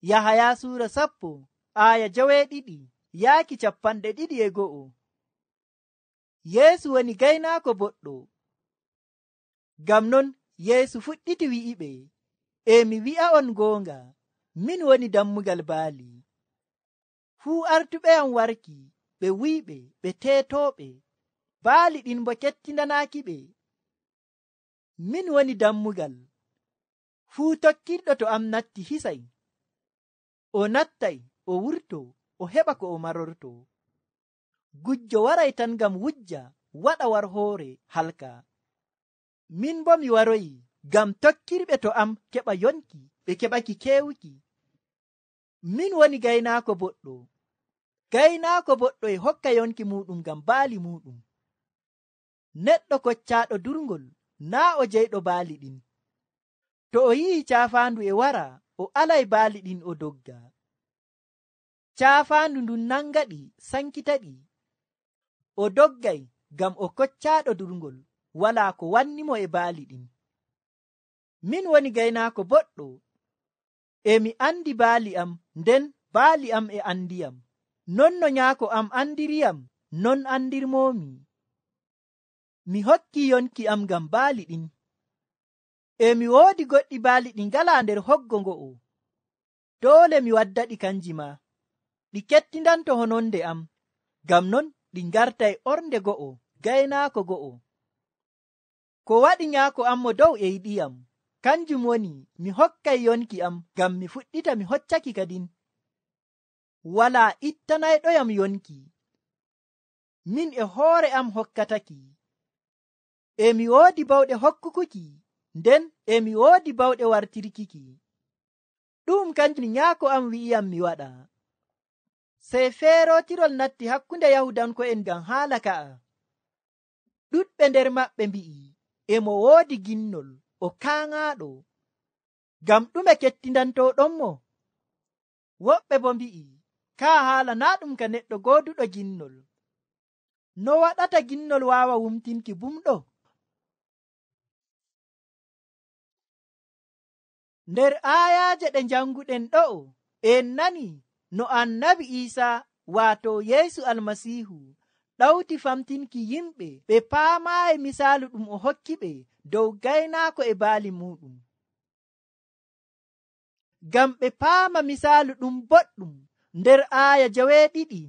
yahaya suura sappo aaya jawee ɗiɗi yaaki cappanɗe ɗiɗi e go'o yeesu woni gaynaako boɗɗo gam non yeesu fuɗɗiti wi'iɓe e mi wi'a on goonga min woni dammugal baali fuu artuɓe am warki ɓe wi'iɓe ɓe teetooɓe baali ɗin bo kettindanaaki ɓe min woni dammugal fuu tokkiɗɗo to am natti hisay o nattay o wurto o heɓa ko o marorto gujjo waray tan ngam wujja waɗa war hoore halka min bo mi waroyi ngam tokkirɓe to am keɓa yonki ɓe keɓaki kewki min woni gaynaako boɗɗo gaynaako boɗɗo e hokka yonki muɗum ngam baali muɗum neɗɗo koccaaɗo durngol naa o jeyɗo baali ɗin to o yi'i caafaandu e wara o alay baali ɗin o dogga caafaandu ndun nanga ɗi sankita ɗi o doggay ngam o koccaaɗo durgol wala ko wannimo e baali ɗin min woni gaynaako boɗɗo e mi anndi baali am nden baali am e anndiyam non no nyaako am anndiriyam non anndirmoomi mi hokki yonki am ngam baali ɗin e mi woodi goɗɗi baali ɗi ngala nder hoggo ngo'o doole mi wadda ɗi kanji ma ɗi kettindanto hononde am ngam non ɗi ngarta e ornde go'o gaynaako go'o ko waɗi nyaako am mo dow e yiɗiyam kanjum woni mi hokkay yonki am ngam mi fuɗɗita mi hoccaki kadin wala ittanayɗoyam yonki min e hoore am hokkataki e mi woodi bawɗe hokkukuki nden emi woodi bawɗe wartirkiki ɗum kanjum nyaako am wi'iyam mi waɗa sey feerotirol natti hakkunde yahudanko'en ngam haala ka'a ɗuɗɓe nder maɓɓe mbi'i emo woodi ginnol o kaŋaaɗo ngam ɗume kettindanto ɗonmo woɓɓe bo mbi'i kaa haala naa ɗum ka neɗɗo gooduɗo ginnol no waɗata ginnol waawa wumtinki bumɗo nder aayaaje ɗe njannguɗen ɗo'o en nani no annabi iisaa waato yeesu almasiihu ɗawti famtinki yimɓe ɓe paamaa e misaalu ɗum o hokki ɓe dow gaynaako e baali muuɗum ngam ɓe paama misaalu ɗum boɗɗum nder aaya jawee ɗiɗi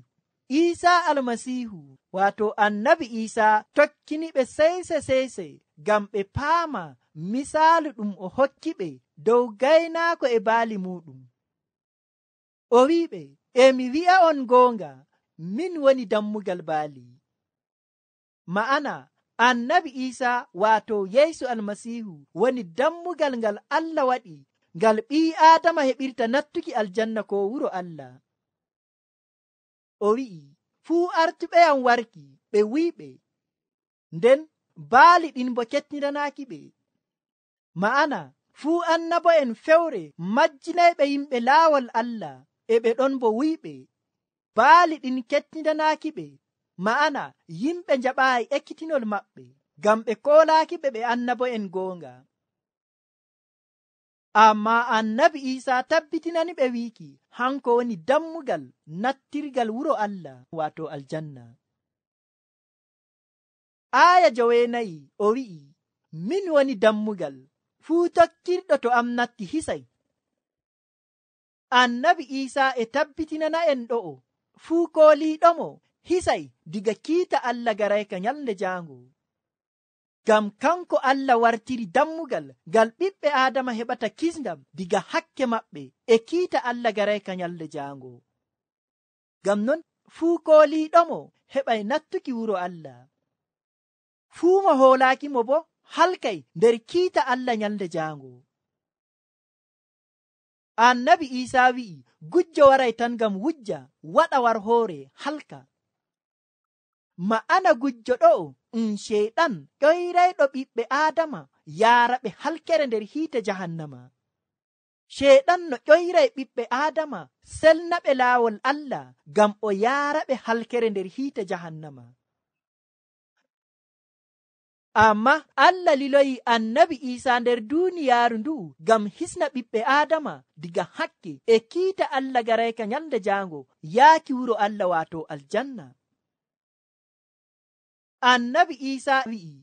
iisaa almasiihu waato annabi iisaa tokkini ɓe seyse seyse ngam ɓe paama misaalu ɗum o hokki ɓe dow gaynaako e baali muɗum o wi ɓe e mi wi'a on goonga min woni dammugal baali ma'ana annabi iisa waato yeysu almasiihu woni dammugal ngal allah waɗi ngal ɓii aadama heɓirta nattuki aljanna ko wuro allah o wi'i fuu artuɓeyam warki ɓe wi'i ɓe nden baali ɗin bo kettiranaaki ɓe ma'ana fuu annabo'en fewre majjinayɓe yimɓe laawol allah e ɓe ɗon bo wiɓe baali ɗin kettidanaaki ɓe ma'ana yimɓe njaɓaayi ekkitinol maɓɓe ngam ɓe koolaaki ɓe ɓe annabo'en goonga amma annabi iisaa tabbitinani ɓe wiiki hanko woni dammugal nattirgal wuro allah waato aljanna aaya jowenayi o wi'i min woni dammugal fuu tokkirɗo to am natti hisay annabi isa e tabbitinana en ɗo'o fuu kooliɗomo hisay diga kiita allah garayka nyalde jaango ngam kanko allah wartiri dammugal ngal ɓiɓɓe adama heɓata kisgam diga hakke maɓɓe e kiita allah garayka nyalde jaango ngam non fuu kooliɗomo heɓay nattuki wuro allah fuu mo hoolaaki mo boo halkay nder kiita allah nyalde jango annabi isa wi'i gujjo waray tan gam wujja waɗa war hoore halka ma'ana gujjo ɗo um sheyɗan ƴoyrayɗo ɓiɓɓe adama yaara ɓe halkere nder hiite jahannama sheyɗan no ƴoyray ɓiɓɓe adama selna ɓe laawol allah gam o yaara ɓe halkere nder hiite jahannama amma allah liloyi annabi isa nder duniyaaru ndu gam hisna ɓiɓɓe adama diga hakke e kiita allah garayka nyalde jango yaaki wuro allah wato aljanna annabi isa wi'i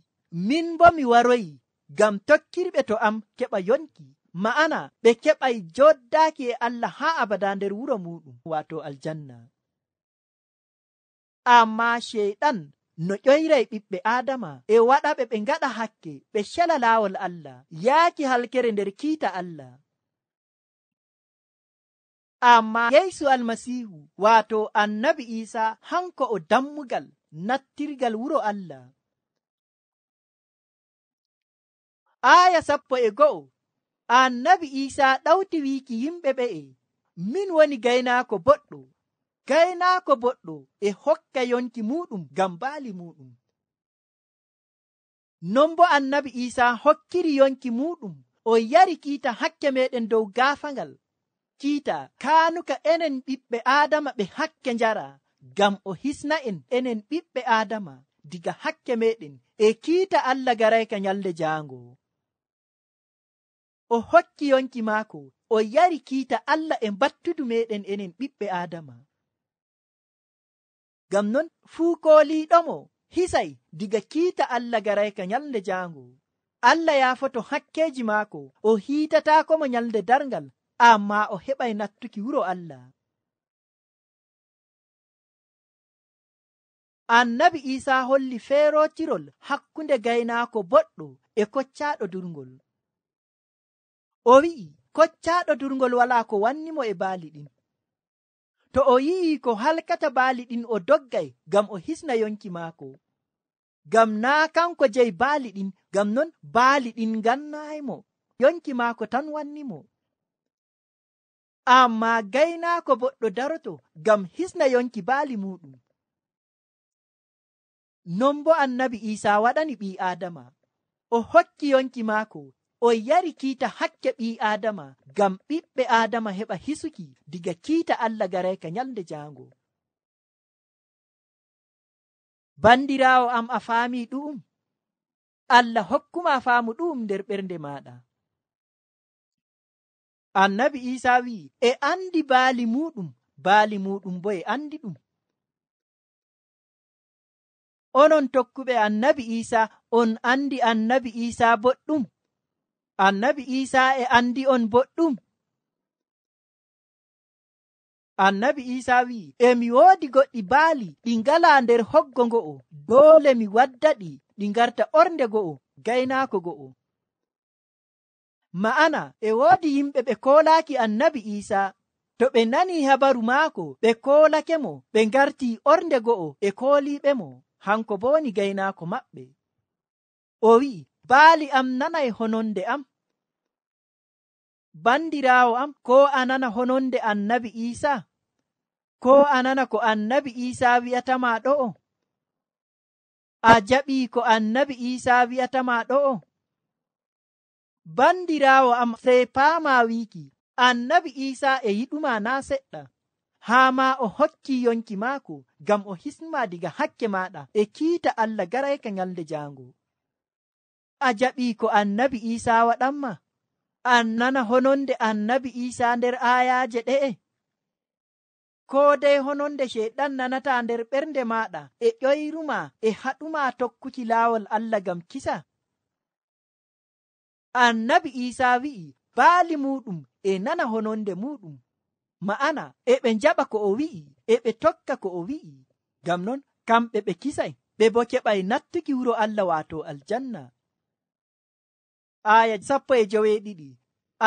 min bo mi waroyi gam tokkirɓe to am keɓa yonki ma'ana ɓe keɓay joddaaki e allah ha abada nder wuro muɗum wato aljanna amma sheyɗan no ƴoyray ɓiɓɓe adama e waɗa ɓe ɓe ngaɗa hakke ɓe cela laawol allah yaaki halkere nder kiita allah amma yeysu almasihu waato annabi isa hanko o dammugal nattirgal wuro allah aya sappo e go'o annabi isa ɗawti wiiki yimɓe ɓe'e min woni gaynaako boɗɗo gaynaako boɗɗo e hokka yonki muɗum gam baali muɗum non bo annabi isa hokkiri yonki muɗum o yari kiita hakke meɗen dow gaafagal kiita kaanuka enen ɓiɓɓe aadama ɓe hakke njara gam o hisna en enen ɓiɓɓe aadama diga hakke meɗen e kiita allah garayka nyalde jaango o hokki yonki maako o yari kiita allah e battudu meɗen enen ɓiɓɓe aadama gam non fuu kooliɗomo hisay diga kiita allah garayka nyalde jaango allah yaafoto hakkeji maako o hiitataakomo nyalde darngal amma o heɓay nattuki wuro allah annabi isa holli feerotirol hakkunde gaynaako boɗɗo e koccaaɗo durgol o wi'i koccaaɗo durgol wala ko wannimo e baali ɗin to o yi'i ko halkata baali ɗin o doggay gam o hisna yonki maako gam naa kanko jei baali ɗin gam non baali ɗin gannaymo yonki maako tan wannimo amma gaynaako boɗɗo daroto gam hisna yonki baali muɗum non bo annabi isaa waɗani ɓii aadama o hokki yonki maako o yari kiita hakke ɓi adama gam ɓiɓɓe adama heɓa hisuki diga kiita allah garai ka nyalde jango bandirawo am a faami ɗum allah hokkuma faamu ɗum nder ɓernde maɗa annabi isa wi'i e andi baali muɗum baali muɗum bo e andi ɗum onon tokkuɓe annabi isa on andi annabi isa boɗɗum annabi isa e andi on boɗɗum annabi isa wi'i emi woodi goɗɗi baali ɗi ngala nder hoggo ngo'o doole mi wadda ɗi ɗi ngarta ornde go'o gaynaako go'o ma'ana e woodi yimɓe ɓe koolaaki annabi isa to ɓe nani habaru maako ɓe koolake mo ɓe ngarti ornde go'o e kooliiɓe mo hanko boni gaynaako maɓɓe o wi'i baali am nanay hononde am bandirawo am ko a nana hononde annabi isa ko a nana ko annabi isa wi'atama ɗo'o a jaɓi ko annabi isa wi'atama ɗo'o bandirawo am sey paama wiiki annabi isa e yiɗuma na seɗɗa haa ma o hokki yonki maako ngam o hisma diga hakke maɗa e kiita allah garayka ngalde jaango a jaɓi ko annabi isaa waɗanma an nana hononde annabi isaa nder aayaaje ɗe'e ko dey hononde sheeɗan nanata nder ɓernde maɗa e ƴoyruma e haɗuma tokkuki laawol allah gam kisa annabi isaa wi'i baali muɗum e nana hononde muɗum ma'ana e ɓe jaɓa ko o wi'i e ɓe tokka ko o wi'i gam non kamɓe ɓe kisay ɓe bo keɓay nattuki wuro allah waato aljanna aya sappo e joweeɗiɗi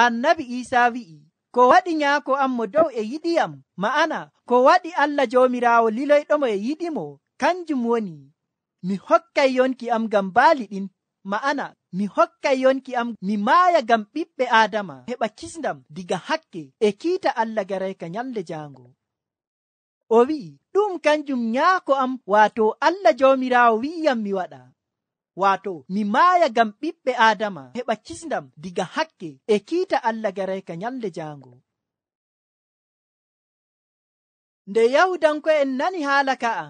annabi isaa wi'i ko waɗi nyaako am mo dow e yiɗiyam ma'ana ko waɗi allah joomiraawo liloyɗomo e yiɗimo kanjum woni mi hokkay yonki am ngam baali ɗin ma'ana mi hokkay yonki am mi maaya ngam ɓiɓɓe aadama heɓa kisdam diga hakke e kiita allah garay ka nyalde jaango o wi'i ɗum kanjum nyaako am waato allah joomiraawo wi'iyam mi waɗa wato mi maaya gam ɓiɓɓe adama heɓa kisdam diga hakke e kiita allah garayka nyalde jango nde yahudanko en nani haala ka'a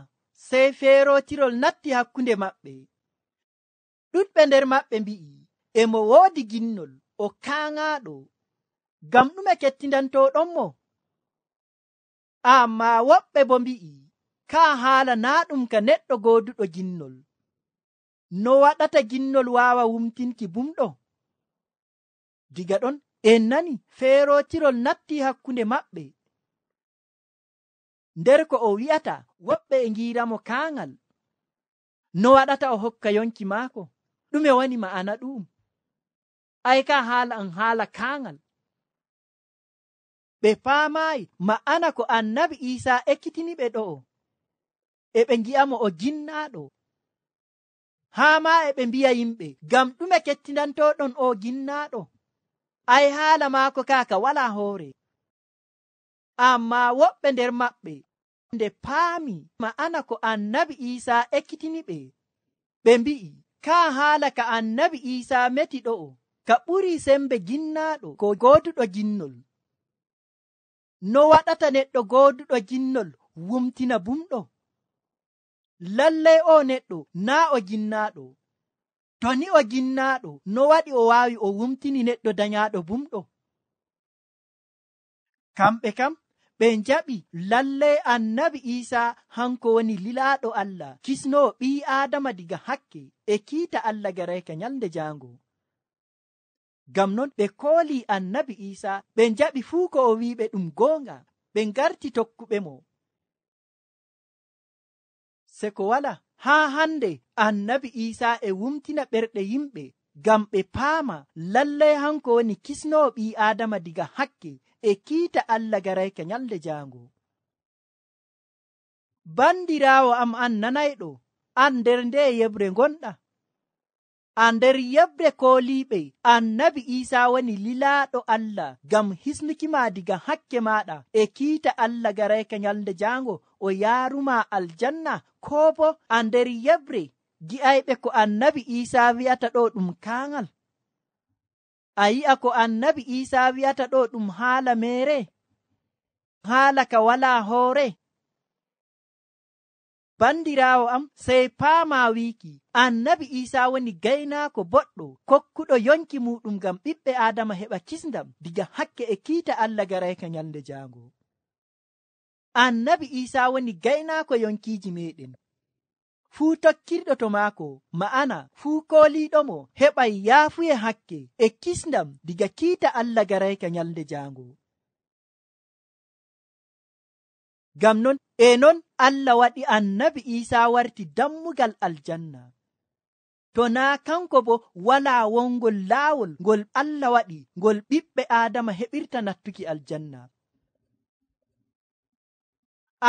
sey feerotirol natti hakkunde maɓɓe ɗuɗɓe nder maɓɓe mbi'i emo woodi ginnol o kaangaaɗo gam ɗume kettindanto ɗonmo amma woɓɓe bo mbi'i kaa haala naa ɗum ka neɗɗo gooduɗo ginnol no waɗata ginnol waawa wumtinki bumɗo diga ɗon en nani feerotirol natti hakkunde maɓɓe nder ko o wi'ata woɓɓe e ngiramo kaangal no waɗata o hokka yonki maako ɗume woni ma'ana ɗum ayka haala an haala kaangal ɓe paamaayi ma'ana ko annabi iisaa ekkitini ɓe ɗo'o e ɓe ngi'amo o ginnaaɗo haa ma e ɓe mbiya yimɓe ngam ɗume kettinantoɗon o ginnaaɗo ay haala maako kaaka wala hoore amma woɓɓe nder maɓɓe nde paami ma ana ko annabi iisaa ekkitini ɓe ɓe mbi'i kaa haala ka annabi iisaa meti ɗo'o ka ɓuri sembe ginnaaɗo ko gooduɗo ginnol no waɗata neɗɗo gooduɗo ginnol wumtina bumɗo lallay o neɗɗo naa o ginnaaɗo to ni o ginnaaɗo no waɗi o waawi o wumtini neɗɗo danyaaɗo bumɗo kamɓe kam ɓe jaɓi lallay annabi iisa hanko woni lilaaɗo allah kisnoo ɓii aadama diga hakke e kiita allah garayka nyalnde jaango ngam non ɓe koolii annabi iisa ɓe jaɓi fuu ko o wiiɓe ɗum goonga ɓe ngarti tokkuɓe mo se ko wala haa hannde annabi iisaa e wumtina ɓerɗe yimɓe ngam ɓe paama lallay hanko woni kisnoo ɓii aadama diga hakke e kiita allah garayka nyalde jaango banndiraawo am an nanayɗo an nder nde yeɓre ngonɗa a nder yebde kooliɓe annabi isa woni lilaɗo allah gam hisnukima diga hakke maɗa e kiita allah garayka nyalde jango o yaruma aljanna ko bo a nder yebre gi'ayɓe ko annabi isa wi'ata ɗo ɗum kangal a yi'a ko annabi isa wi'ata ɗo ɗum haala mere haala ka wala hoore bandirawo am sey paama wiiki annabi isa woni gaynaako boɗɗo kokkuɗo yonki muɗum gam ɓiɓɓe adama heɓa kisdam diga hakke e kiita allah garayka nyalde jaango annabi isa woni gaynaako yonkiji meɗen fuu tokkirɗo to maako ma'ana fuu kooliɗomo heɓa yaafuye hakke e kisdam diga kiita allah garayka nyalde jaango Ngam non enon Allah waɗi annabi isaa warti dammugal aljanna to naa kanko bo walaa wongol laawol ngol allah waɗi ngol ɓiɓɓe aadama heɓirta nattuki aljanna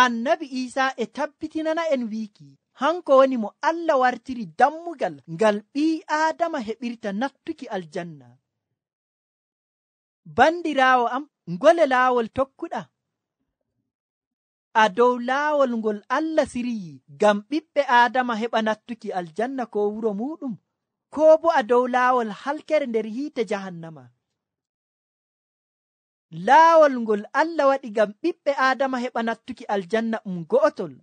annabi iisaa e tabbitinana en wiiki hanko woni mo allah wartiri dammugal ngal ɓii aadama heɓirta nattuki aljanna bandiraawo am ngole laawol tokkuɗa a dow laawol ngol allah siriyi gam ɓiɓɓe adama heɓa nattuki aljanna ko wuro muɗum ko bo a dow laawol halkere nder hiite jahannama laawol ngol allah waɗi gam ɓiɓɓe adama heɓa nattuki aljanna um go'otol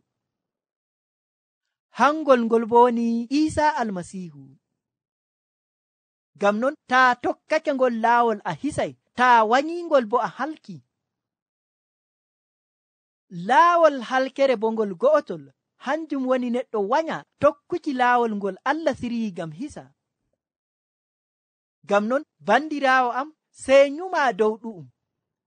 hangol ngol bo woni isa almasihu gam non taa tokkake ngol laawol a hisay taa wanyingol bo a halki laawol halkere bo ngol go'otol hanjum woni neɗɗo waya tokkuki laawol ngol allah sirii gam hisa gam non bandiraawo am sey nyuma dow ɗu'um